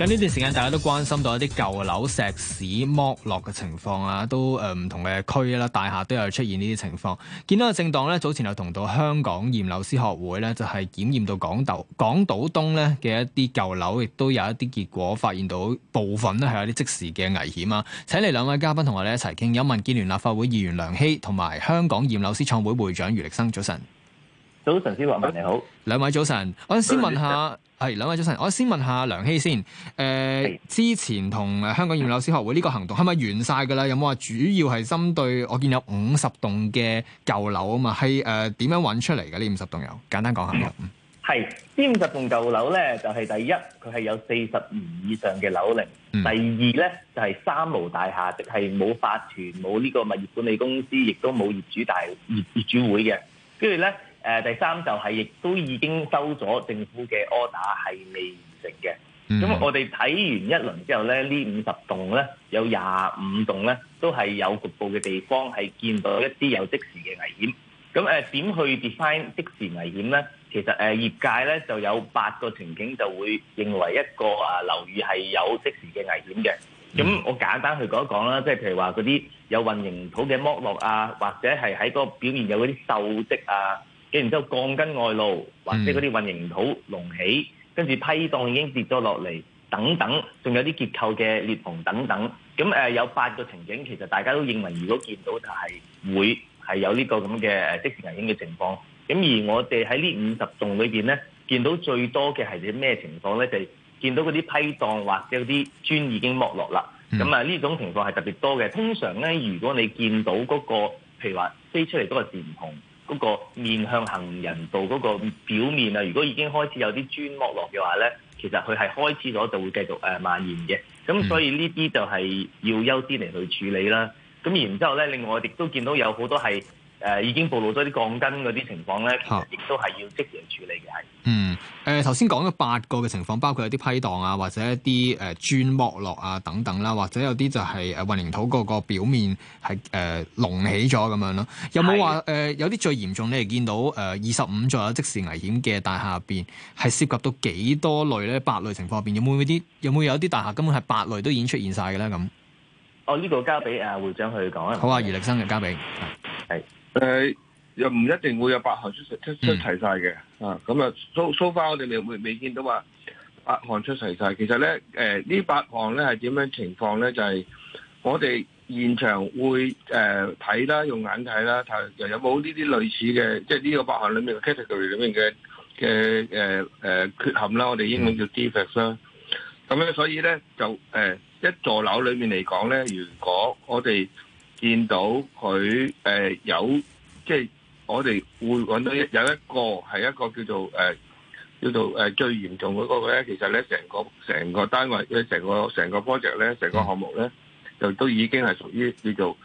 咁呢段時間大家都關心到一啲舊樓石屎剝落嘅情況啊，都誒唔、呃、同嘅區啦、大廈都有出現呢啲情況。見到政黨咧早前就同到香港驗樓師學會咧，就係、是、檢驗到港島港島東咧嘅一啲舊樓，亦都有一啲結果，發現到部分咧係有啲即時嘅危險啊！請嚟兩位嘉賓同我哋一齊傾，有民建聯立法會議員梁熙同埋香港驗樓師創會會長余力生，早晨。早晨，施華文你好，兩位早晨，我先問一下，係兩上位早晨，我先問下梁熙先，誒、呃，是之前同誒香港驗樓師學會呢個行動，係咪完晒噶啦？有冇話主要係針對？我見有五十棟嘅舊樓啊嘛，係誒點樣揾出嚟嘅呢？五十棟樓，簡單講下，係呢五十棟舊樓咧，就係、是、第一，佢係有四十年以上嘅樓齡，嗯、第二咧，就係、是、三無大廈，即係冇法團，冇呢個物業管理公司，亦都冇業主大業業主會嘅，跟住咧。誒第三就係亦都已經收咗政府嘅 order 係未完成嘅，咁、mm hmm. 我哋睇完一輪之後咧，這呢五十棟咧有廿五棟咧都係有局部嘅地方係見到一啲有即時嘅危險。咁誒點去 define 即時危險咧？其實誒、呃、業界咧就有八個情景就會認為一個啊樓宇係有即時嘅危險嘅。咁、mm hmm. 我簡單去講一講啦，即係譬如話嗰啲有混凝土嘅剝落啊，或者係喺個表面有嗰啲鏽跡啊。然之後鋼筋外露，或者嗰啲混凝土隆起，跟住、嗯、批盪已經跌咗落嚟，等等，仲有啲結構嘅裂縫等等。咁誒有八個情景，其實大家都認為，如果見到就係、是、會係有呢個咁嘅即時危險嘅情況。咁而我哋喺呢五十棟裏面咧，見到最多嘅係啲咩情況咧？就係、是、見到嗰啲批盪或者嗰啲磚已經剝落啦。咁啊呢種情況係特別多嘅。通常咧，如果你見到嗰、那個譬如話飛出嚟嗰個電筒。嗰個面向行人道嗰個表面啊，如果已經開始有啲磚剝落嘅話咧，其實佢係開始咗就會繼續誒蔓延嘅，咁所以呢啲就係要優先嚟去處理啦。咁然之後咧，另外我哋都見到有好多係。誒已經暴露咗啲鋼筋嗰啲情況咧，其實亦都係要即時處理嘅係。嗯，誒頭先講咗八個嘅情況，包括有啲批盪啊，或者一啲誒磚剝落啊等等啦，或者有啲就係誒混凝土個個表面係誒隆起咗咁樣咯。有冇話誒有啲的、呃、最嚴重？你哋見到誒二十五座有即時危險嘅大廈入邊係涉及到幾多類咧？八類情況入邊有冇啲有冇有啲大廈根本係八類都已經出現晒嘅咧？咁，哦呢、這個交俾誒、啊、會長去講啊。好啊，余力生嘅交俾。係。誒、呃，又唔一定會有八項出出出齊曬嘅，mm. 啊，咁啊，so so far 我哋未未見到話八項出齊晒。其實咧，誒、呃、呢八項咧係點樣的情況咧？就係、是、我哋現場會誒睇、呃、啦，用眼睇啦，睇又有冇呢啲類似嘅，即係呢個八項裡面嘅 category 裡面嘅嘅誒誒缺陷啦，我哋英文叫 defect 啦。咁咧、啊，所以咧就誒、呃、一座樓裏面嚟講咧，如果我哋見到佢誒、呃、有即係我哋會揾到一有一個係一個叫做誒、呃、叫做誒最嚴重嗰個咧，其實咧成個成個單位咧、成個成個 project 咧、成個項目咧，就都已經係屬於叫做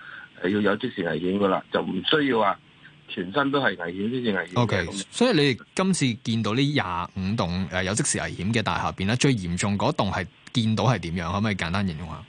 係要有即時危險噶啦，就唔需要話全身都係危險先至危險。Okay. 所以你哋今次見到呢廿五棟誒有即時危險嘅大廈邊咧，最嚴重嗰棟係見到係點樣？可唔可以簡單形容下？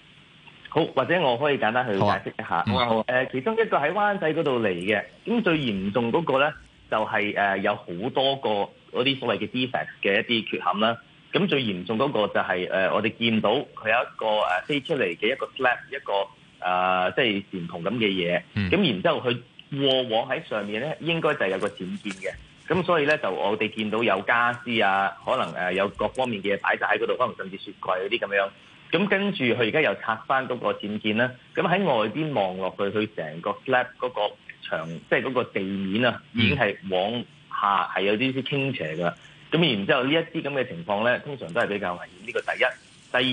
好，或者我可以簡單去解釋一下。誒好，其中一個喺灣仔嗰度嚟嘅，咁最嚴重嗰個咧就係、是、誒有好多個嗰啲所謂嘅 defect 嘅一啲缺陷啦。咁最嚴重嗰個就係、是、誒我哋見到佢有一個誒飛出嚟嘅一個 slap，一個誒即係唔同咁嘅嘢。咁、呃就是嗯、然之後佢往往喺上面咧，應該就係有個僭建嘅。咁所以咧就我哋見到有家私啊，可能誒有各方面嘅嘢擺曬喺嗰度，可能甚至雪櫃嗰啲咁樣。咁跟住佢而家又拆翻嗰個戰艦啦，咁喺外邊望落去，佢成個 slab 嗰個牆，即係嗰個地面啊，已經係往下係有啲啲傾斜噶。咁然之後呢一啲咁嘅情況咧，通常都係比較危險。呢個第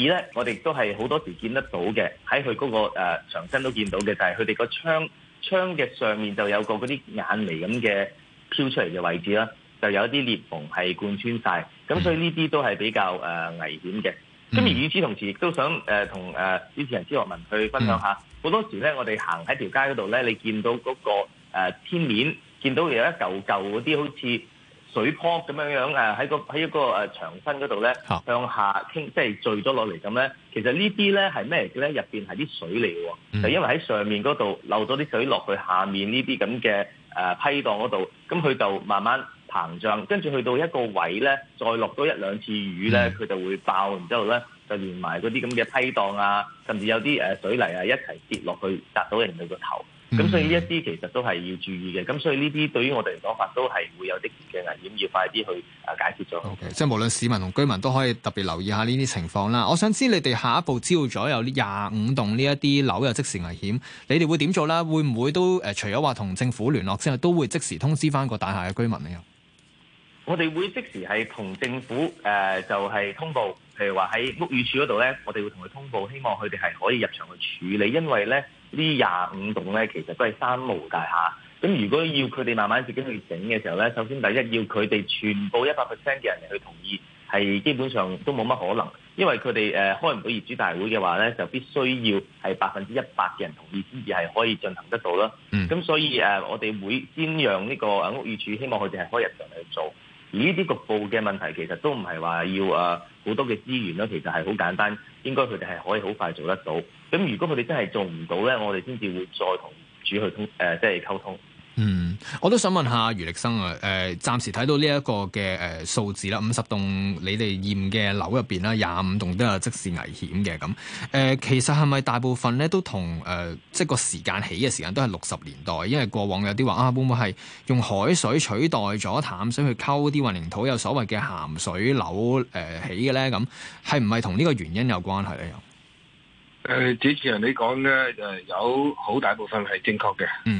一，第二咧，我哋都係好多時見得到嘅，喺佢嗰個誒牆身都見到嘅，但係佢哋個窗窗嘅上面就有個嗰啲眼眉咁嘅飄出嚟嘅位置啦，就有啲裂縫係貫穿晒。咁所以呢啲都係比較誒危險嘅。咁、嗯、而與此同時，亦都想誒同誒主持人朱學文去分享下。好、嗯、多時咧，我哋行喺條街嗰度咧，你見到嗰個天面，見到有一舊舊嗰啲好似水泡咁樣樣喺個喺一個誒牆身嗰度咧向下傾，即係墜咗落嚟咁咧。其實呢啲咧係咩嘅咧？入面係啲水嚟嘅，就因為喺上面嗰度漏咗啲水落去下面呢啲咁嘅誒批檔嗰度，咁佢就慢慢。膨脹，跟住去到一個位呢，再落多一兩次雨呢，佢就會爆，然之後呢，就連埋嗰啲咁嘅批檔啊，甚至有啲水泥啊一齊跌落去，砸到人哋個頭。咁、嗯、所以呢一啲其實都係要注意嘅。咁所以呢啲對於我哋嚟講法都係會有即時嘅危險，要快啲去解決咗。O、okay, K，即係無論市民同居民都可以特別留意下呢啲情況啦。我想知你哋下一步朝早咗有廿五棟呢一啲樓有即時危險，你哋會點做啦？會唔會都、呃、除咗話同政府聯絡之外，都會即時通知返個大廈嘅居民啊？我哋會即時係同政府誒、呃，就係、是、通報，譬如話喺屋宇署嗰度咧，我哋會同佢通報，希望佢哋係可以入場去處理，因為咧呢廿五棟咧其實都係三無大廈，咁如果要佢哋慢慢自己去整嘅時候咧，首先第一要佢哋全部一百 percent 嘅人嚟去同意，係基本上都冇乜可能，因為佢哋誒開唔到業主大會嘅話咧，就必須要係百分之一百嘅人同意先至係可以進行得到啦。咁所以誒、呃，我哋會先讓呢個屋宇署希望佢哋係可以入場嚟做。而呢啲局部嘅問題其，其實都唔係話要啊好多嘅資源咯，其實係好簡單，應該佢哋係可以好快做得到。咁如果佢哋真係做唔到咧，我哋先至會再同主去通誒，即係溝通。我都想問下余力生啊，誒、呃，暫時睇到呢一個嘅誒數字啦，五十棟你哋驗嘅樓入邊啦，廿五棟都有即時危險嘅。咁誒、呃，其實係咪大部分咧都同誒、呃，即係個時間起嘅時間都係六十年代，因為過往有啲話啊，會唔會係用海水取代咗淡水去溝啲混凝土，有所謂嘅鹹水樓誒、呃、起嘅咧？咁係唔係同呢個原因有關係咧？又誒、呃，主持人你講咧，有好大部分係正確嘅，嗯。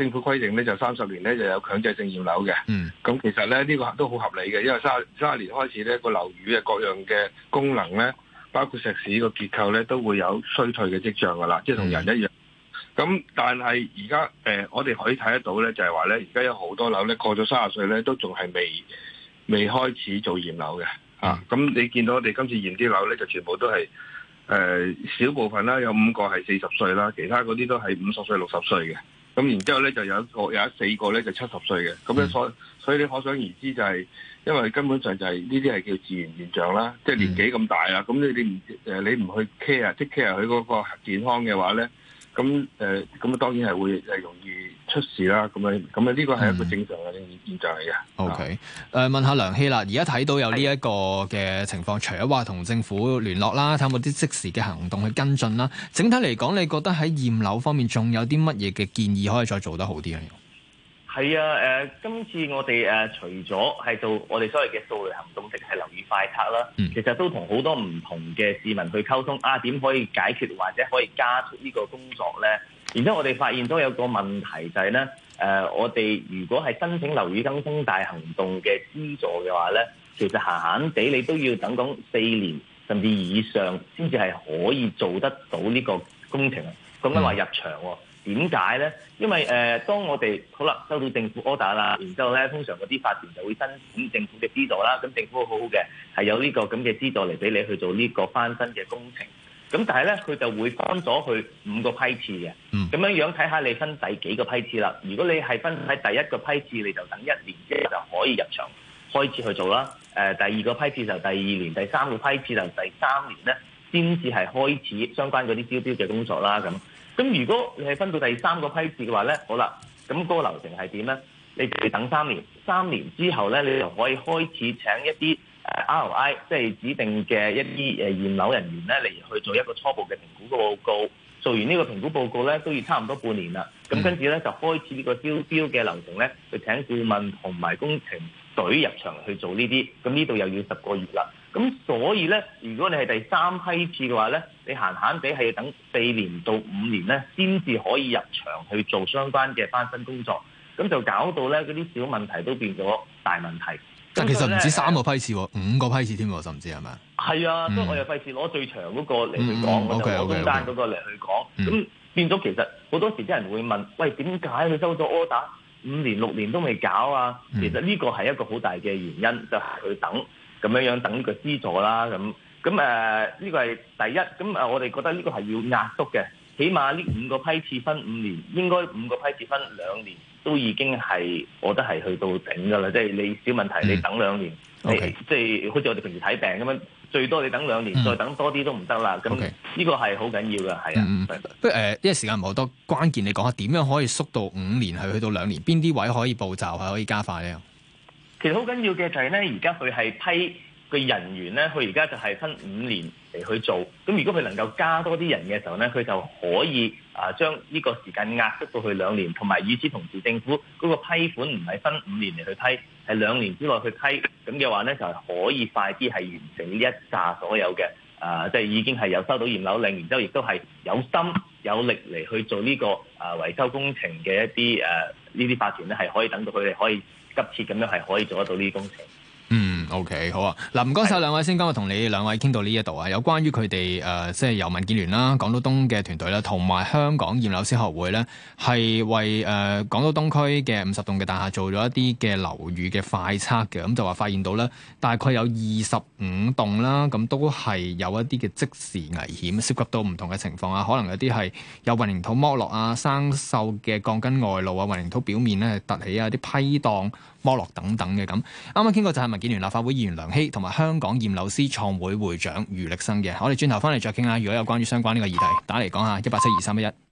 政府規定咧就三十年咧就有強制性驗樓嘅，咁、嗯、其實咧呢、呢個都好合理嘅，因為三三十年開始咧個樓宇嘅各樣嘅功能咧，包括石屎個結構咧都會有衰退嘅跡象噶啦，即係同人一樣。咁、嗯、但係而家呃、我哋可以睇得到咧，就係話咧，而家有好多樓咧過咗三十歲咧都仲係未未開始做驗樓嘅、嗯、啊！咁你見到我哋今次驗啲樓咧就全部都係少、呃、部分啦，有五個係四十歲啦，其他嗰啲都係五十歲、六十歲嘅。咁然之後咧就有一個有一四個咧就七十歲嘅，咁樣所所以你可想而知就係因為根本上就係呢啲係叫自然現象啦，即係年紀咁大啦，咁你你唔誒你唔去 care，即 care 佢嗰個健康嘅話咧。咁誒，咁啊，呃、當然係會容易出事啦。咁咁啊，呢個係一個正常嘅現象嚟嘅、嗯。OK，誒、呃，問下梁希啦。而家睇到有呢一個嘅情況，的除咗話同政府聯絡啦，睇有冇啲即時嘅行動去跟進啦。整體嚟講，你覺得喺驗樓方面仲有啲乜嘢嘅建議可以再做得好啲啊？係啊，誒、呃，今次我哋誒、呃、除咗係做我哋所謂嘅掃雷行動，即係樓宇快拆啦，嗯、其實都同好多唔同嘅市民去溝通啊，點可以解決或者可以加速呢個工作咧？然之後我哋發現都有個問題就係、是、咧，誒、呃，我哋如果係申請樓宇更新大行動嘅資助嘅話咧，其實閒閒地你都要等講四年甚至以上先至係可以做得到呢個工程啊，咁樣話入場喎。嗯。點解呢？因為誒、呃，當我哋好啦，收到政府 order 啦，然之後呢，通常嗰啲法團就會申請政府嘅資助啦。咁政府好好嘅係有呢個咁嘅資助嚟俾你去做呢個翻新嘅工程。咁但係呢，佢就會分咗去五個批次嘅，咁樣樣睇下你分第幾個批次啦。如果你係分喺第一個批次，你就等一年即係就可以入場開始去做啦。誒、呃，第二個批次就第二年，第三個批次就第三年呢。先至係開始相關嗰啲招標嘅工作啦，咁咁如果你係分到第三個批次嘅話咧，好啦，咁嗰個流程係點咧？你就等三年，三年之後咧，你就可以開始請一啲誒 RI，即係指定嘅一啲誒驗樓人員咧嚟去做一個初步嘅評估報告。做完呢個評估報告咧，都要差唔多半年啦。咁跟住咧，就開始呢個招標嘅流程咧，去請顧問同埋工程隊入場去做呢啲。咁呢度又要十個月啦。咁所以咧，如果你係第三批次嘅話咧，你閒閒地係要等四年到五年咧，先至可以入場去做相關嘅翻新工作。咁就搞到咧，嗰啲小問題都變咗大問題。但係其實唔止三個批次，五個批次添，甚至係咪？係啊，嗯、所以我又費事攞最長嗰個嚟去講，或者嗰個嚟去講。咁、嗯 okay, okay, okay, 變咗其實好多時啲人會問：嗯、喂，點解佢收咗 order 五年六年都未搞啊？嗯、其實呢個係一個好大嘅原因，就係、是、佢等。咁樣樣等呢個資助啦，咁咁誒呢個係第一，咁誒我哋覺得呢個係要壓縮嘅，起碼呢五個批次分五年，應該五個批次分兩年都已經係，我覺得係去到頂㗎啦。即係你小問題，你等兩年，即係好似我哋平時睇病咁樣，最多你等兩年，嗯、再等多啲都唔得啦。咁呢 okay, 個係好緊要嘅，係啊。不過誒，因為時間唔好多，關鍵你講下點樣可以縮到五年係去到兩年，邊啲位可以步驟係可以加快呢？其實好緊要嘅就係咧，而家佢係批嘅人員咧，佢而家就係分五年嚟去做。咁如果佢能夠加多啲人嘅時候咧，佢就可以啊將呢個時間壓縮到去兩年，以此同埋與之同時，政府嗰個批款唔係分五年嚟去批，係兩年之內去批。咁嘅話咧，就係可以快啲係完成呢一揸所有嘅啊，即係已經係有收到驗樓令，然之後亦都係有心有力嚟去做呢個啊維修工程嘅一啲誒、啊、呢啲法團咧，係可以等到佢哋可以。急切咁樣，係可以做得到呢啲工程。O.K. 好啊，嗱唔該晒兩位先，今日同你兩位傾到呢一度啊，的有關於佢哋誒，即係由民建聯啦，港島東嘅團隊啦，同埋香港驗樓師學會咧，係為誒、呃、港島東區嘅五十棟嘅大廈做咗一啲嘅樓宇嘅快測嘅，咁就話發現到咧，大概有二十五棟啦，咁都係有一啲嘅即時危險，涉及到唔同嘅情況啊，可能有啲係有混凝土剝落啊、生銹嘅鋼筋外露啊、混凝土表面咧凸起啊、啲批盪剝落等等嘅咁。啱啱傾過就係民建聯立法。會議員梁熙同埋香港驗樓師創會會長余力生嘅，我哋轉頭翻嚟再傾下。如果有關於相關呢個議題，打嚟講下一八七二三一一。